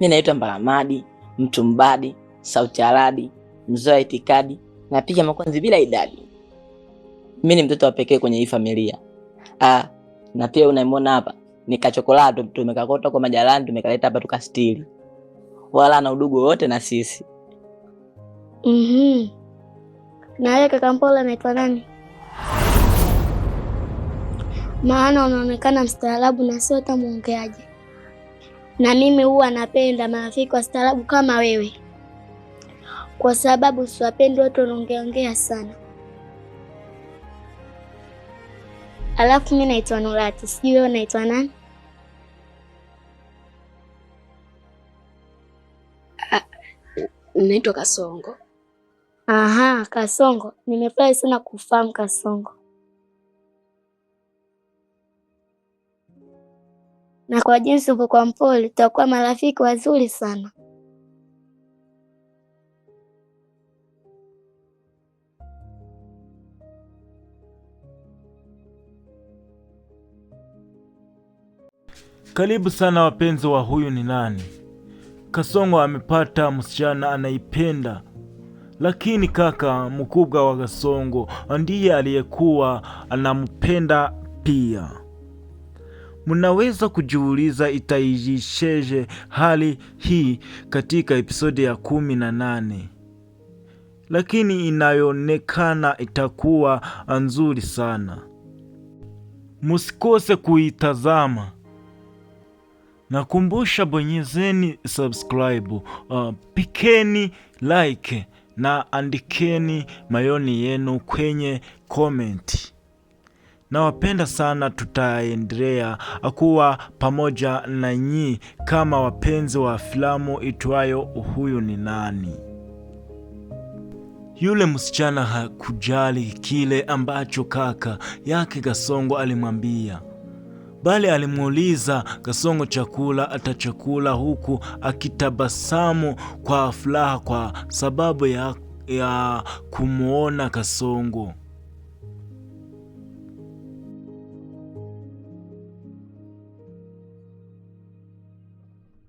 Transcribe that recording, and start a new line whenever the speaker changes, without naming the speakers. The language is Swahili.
Mi naitwa mbaramadi mtu mbadi, sauti aradi mzoa wa itikadi, napiga makonzi bila idadi. Mi ni mtoto wa pekee kwenye hii familia ah, na pia unamwona hapa ni kachokolado, tumekakota kwa majalani, tumekaleta hapa tukastili, wala na udugu wote na sisi.
mm -hmm. Na wewe kaka naitwa nani? Maana unaonekana mstaarabu na sio hata mwongeaji na mimi huwa napenda marafiki wastaarabu kama wewe, kwa sababu siwapendi watu wanaongeaongea sana. Alafu mi naitwa Nurati, sijui wewe naitwa nani?
Ah, naitwa Kasongo.
Aha, Kasongo, nimefurahi sana kufahamu Kasongo. na kwa jinsi kwa mpole, tutakuwa marafiki wazuri sana.
Karibu sana wapenzi wa Huyu ni Nani. Kasongo amepata msichana anaipenda, lakini kaka mkubwa wa Kasongo ndiye aliyekuwa anampenda pia. Mnaweza kujiuliza itaijisheje hali hii katika episodi ya kumi na nane, lakini inayoonekana itakuwa nzuri sana. Musikose kuitazama. Nakumbusha, bonyezeni subscribe, uh, pikeni like na andikeni mayoni yenu kwenye komenti. Nawapenda sana, tutaendelea kuwa pamoja na nyi kama wapenzi wa filamu itwayo Huyu ni Nani. Yule msichana hakujali kile ambacho kaka yake Kasongo alimwambia, bali alimuuliza Kasongo chakula atachakula, huku akitabasamu kwa furaha kwa sababu ya, ya kumwona Kasongo.